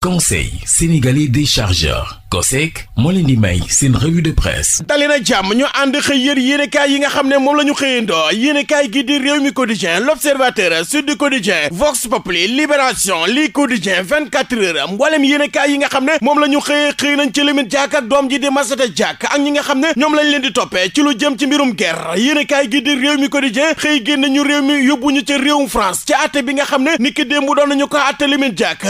conseil sénégalais des chargeurs COSEC moo leen di may seen revue de presse dali na jàmm ñu ànd xëy yër yéenekaay yi nga xam ne moom la ñu xëyandoo yéenekaay gi di réew mi quotidien l'observateur sud quotidien vox populi libération li quotidien 24 heures mboolem yéenekaay yi nga xam ne moom la ñu xëyee xëy nañ ci limit jàkk doom ji di masata ak ñi nga xam ne ñoom lañ leen di toppee ci lu jëm ci mbirum guerre yéenekaay gi di réew mi quotidien xëy génn ñu yóbbu ñu ca réewum France ci bi nga xam ne niki démb doon nañu ko àtte limit jàkk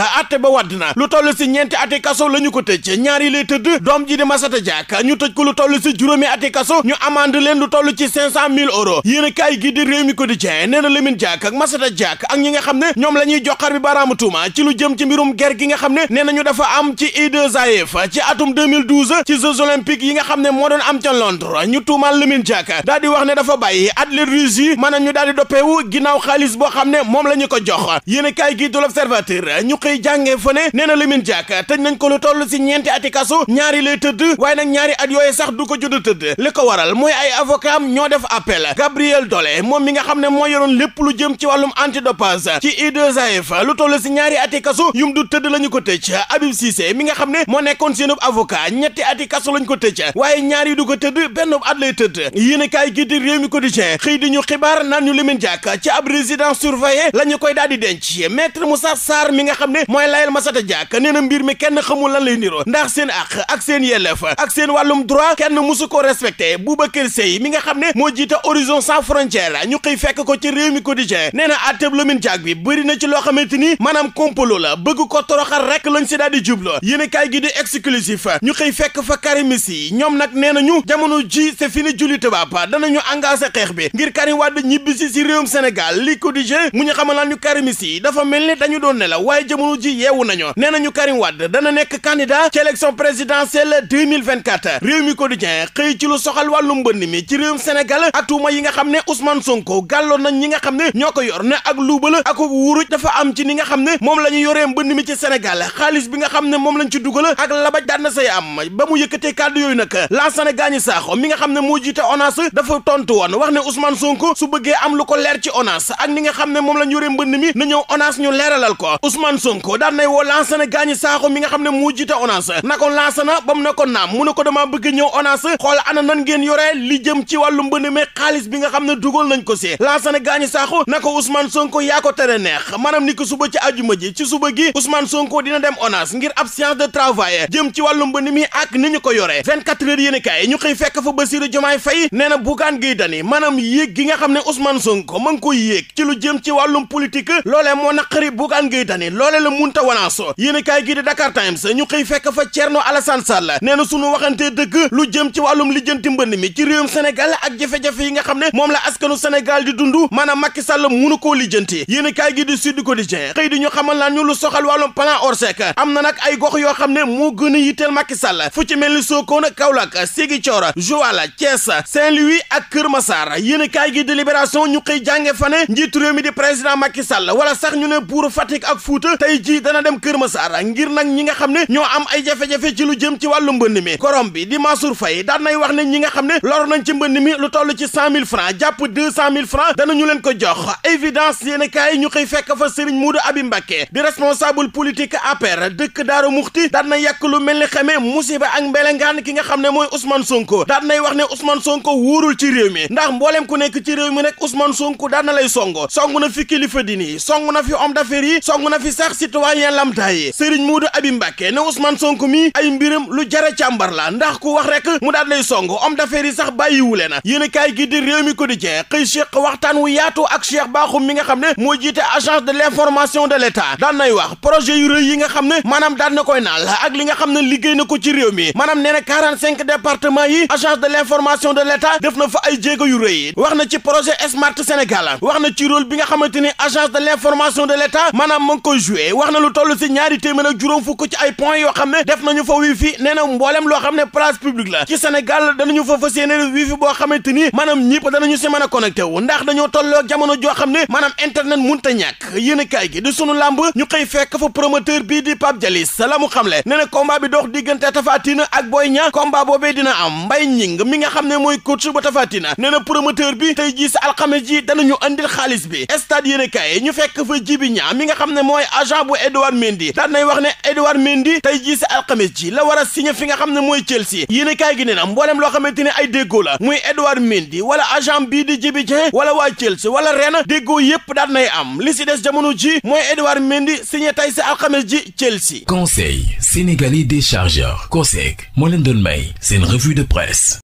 lu toll si ñeenti ati kaso la ñu ko tëj ñaari lay tëdd doom ji di Massata Diack ñu tëj ko lu toll si juróomi ati kaso ñu amande leen lu toll ci cinq cent mille euros yéen a kaay gi di réew mi quotidien nee na Lamine Diack ak Massata Diack ak nga xam ne ñoom la ñuy joxar bi baaraamu tuuma ci lu jëm ci mbirum ger gi nga xam ne nee nañu dafa am ci IAAF ci atum 2012 ci Jeux olympiques yi moo doon am ca Londres ñu tuumaal Lamine Diack daal di wax ne dafa bàyyi athlète russe yi maanaam ñu daal di doppeewu ginnaaw xaalis boo xam ne moom la ñu ko a kaay ñu xëy jàngee fa na Lamine Diack tëj nañ ko lu toll si ñeenti ati kaso ñaari lay tëdd waaye nag ñaari at yooyu sax du ko judd tëdd li ko waral mooy ay avocat am ñoo def appel Gabriel Dole moom mi nga xam ne mooy yoroon lépp lu jëm ci wàllum antidopage ci IAAF lu toll si ñaari ati kaso yum du tëdd la ko tëj Habib Cissé mi nga xam ne moo nekkoon seen avocat ñetti ati kaso lañ ko tëj waaye ñaari du ko tëdd benn at lay tëdd yéen a kaay gi di réew mi quotidien xëy di ñu xibaar naan ñu Lamine Diack ci ab résidence surveillée la ñu koy daal di denc maître Moussa Sarr mi nga xam ne mooy layal Diak nee na mbir mi kenn xamul lan lay niroo ndax seen àq ak seen yelleef ak seen wàllum droit kenn musu ko respecté Boubacar Seye mi nga xam ne moo jiite Horizon Sans la ñu xëy fekk ko ci réew mi quotidien nee na àtteb Lamine Diack bi bëri na ci loo xamante ni maanaam complot la bëgg ko toroxal rek lañ si daal di jublu yéen a kaay gi di exclusif ñu xëy fekk fa Karim Messi ñoom nag nee nañu jamono ji c'est fini julli tubaab danañu engagé xeex bi ngir Karim Wade ñibbisi si réewum Sénégal li quotidien mu ñu xamal ñu Karim Messi dafa mel ni dañu doon ne la waaye jamono ji yeewu nañu nee nañu Karim Wade dana nekk candidat ci élection présidentielle 2024 réew mi quotidien xëy ci lu soxal wàllu mbënd mi ci réewum Sénégal ak tuuma yi nga xam ne Ousmane Sonko gàlloon nañ ñi nga xam ne ñoo ko yor ne ak luubal ak wuruj dafa am ci ni nga xam ne moom la ñu yoree mbënd mi ci Sénégal xaalis bi nga xam ne moom lañ ci dugal ak labaj daan na say am ba mu yëkkatee kàddu yooyu nag Lansana Gagny Sakho mi nga xam ne moo jiite ONAS dafa tontu woon wax ne Ousmane Sonko su bëggee am lu ko leer ci ONAS ak ni nga xam ne moom la ñu yoree mi na ñëw ñu leeralal ko Ousmane Sonko Lansana Gagny Sakho mi nga xam ne moo jiite ONAS na ko Lansana ba mu ne ko naam mu ne ko damaa bëgg ñëw ONAS xool ana nan ngeen yoree li jëm ci wàllu mbënd mi xaalis bi nga xam ne dugal nañ ko si Lansana Gagny Sakho na ko Ousmane Sonko yaa ko tere neex maanaam ni ko suba ci ajuma ji ci suba gi Ousmane Sonko dina dem ONAS ngir ab séance de travail jëm ci wàllu mbënd mi ak ni ñu ko yoree 24 heures yéen kaay ñu xëy fekk fa Bassirou Diomaye Faye nee na Bougane Gueye Dany yéeg gi nga xam ne Ousmane Sonko ma ngi koy yéeg ci lu jëm ci wàllum politique loolee moo naqari Bougane Gueye Dany loolee la munta wanaaso yéen kaay gi di Dakar Times ñu xëy fekk fa Thierno Alassane Sall nee neena sunu waxantee dëgg lu jëm ci wàllum lijjanti mbënn mi ci réewum Sénégal ak jafe-jafe yi nga xam ne moom la askanu Sénégal di dund maanaam Macky Sall munu koo lijjanti yéen kaay gi di Sud Quotidien xëy di ñu xamal laan ñu lu soxal wàllum plan Orsec am na nag ay gox yoo xam ne moo gën a yitteel Macky salla fu ci mel ni Sokone Kaolack Ziguinchor Joal Thiès Saint-Louis ak Kër Massar yéen gi di Libération ñu xëy jànge fa njiitu réew mi di président Macky Sall wala sax ñu ne buur Fatick ak Fouta tey ji dana dem Kër Massar Sarr ngir nag ñi nga xam ne ñoo am ay jafe-jafe ci lu jëm ci wàllu mbënd mi gorom bi di Mansour Faye daan nay wax ne ñi nga xam ne lor nañ ci mbënn mi lu toll ci cent mille francs jàpp deux cent mille francs danañu leen ko jox évidence yéen kaay ñu xëy fekk fa Serigne Moudou Abi Mbacké di responsable politique APR dëkk Daaru Muxti daan na yàq lu mel ni xamee musiba ak mbelengaan ki nga xam ne mooy Ousmane Sonko daan nay wax ne Ousmane Sonko wóorul ci réew mi ndax mbooleem ku nekk ci réew mi nag Ousmane Sonko daan lay songo song na fi kilifa dini song na fi homme d'affaires yi song na fi sax citoyen lambda yi Serigne Modou Abi Mbacké ne Ousmane Sonko ay mbiram lu jara càmbar ndax ku wax mu daal lay song homme d'affaires yi sax bàyyiwule na yéen a kaay gi di réew mi ko di jeex xëy Cheikh wu yaatu ak Cheikh Bakhoum mi nga xam ne moo jiite agence de l'information de l'État daan nay wax projet yu rëy yi nga xam ne maanaam daan na koy naal ak li nga xam ne liggéey na ko ci réew mi maanaam nee na 45 départements yi agence de l'information de l'État def na fa ay jéego yu rëy wax na ci projet Smart na ci rôle ni agence de l'information de ñaari téeméer ak juróom fukk ci ay point yoo xam ne def nañu fa wifi nee na mboolem loo xam ne place publique la ci Sénégal danañu fa fas yéene wifi boo xamante ni maanaam ñëpp danañu si mën a connecté wu ndax dañoo tolloo jamono joo xam ne maanaam internet munta ñàkk yéen a kaay gi di sunu làmb ñu xëy fekk fa promoteur bii di Pape Dialis la mu le nee na combat bi dox diggante Tapha Tine ak Boy Niang combat boobee dina am Mbaye Ñing mi nga xam ne mooy coach ba Tapha Tine nee na promoteur bi tey jii si alxames ji danañu andil xaalis bi stade yéen a kaay ñu fekk fa Jibi Niang mi nga xam ne mooy agent bu Edouard Mendy daat nay wax ne Edouard Mendy tey ji si alxames ji la war a signé fi nga xam ne mooy Chelsea yéen kaay gi nee na mboolem loo xamante ne ay déggoo la muy Edouard Mendy wala agent bii di Djiby Dieng wala waa Chelsea wala Rennes déggoo yépp daat nay am li si des jamono ji mooy Edouard Mendy signé tey si alxames ji Chelsea. Conseil sénégalais des chargeurs COSEC moo leen doon may seen revue de presse.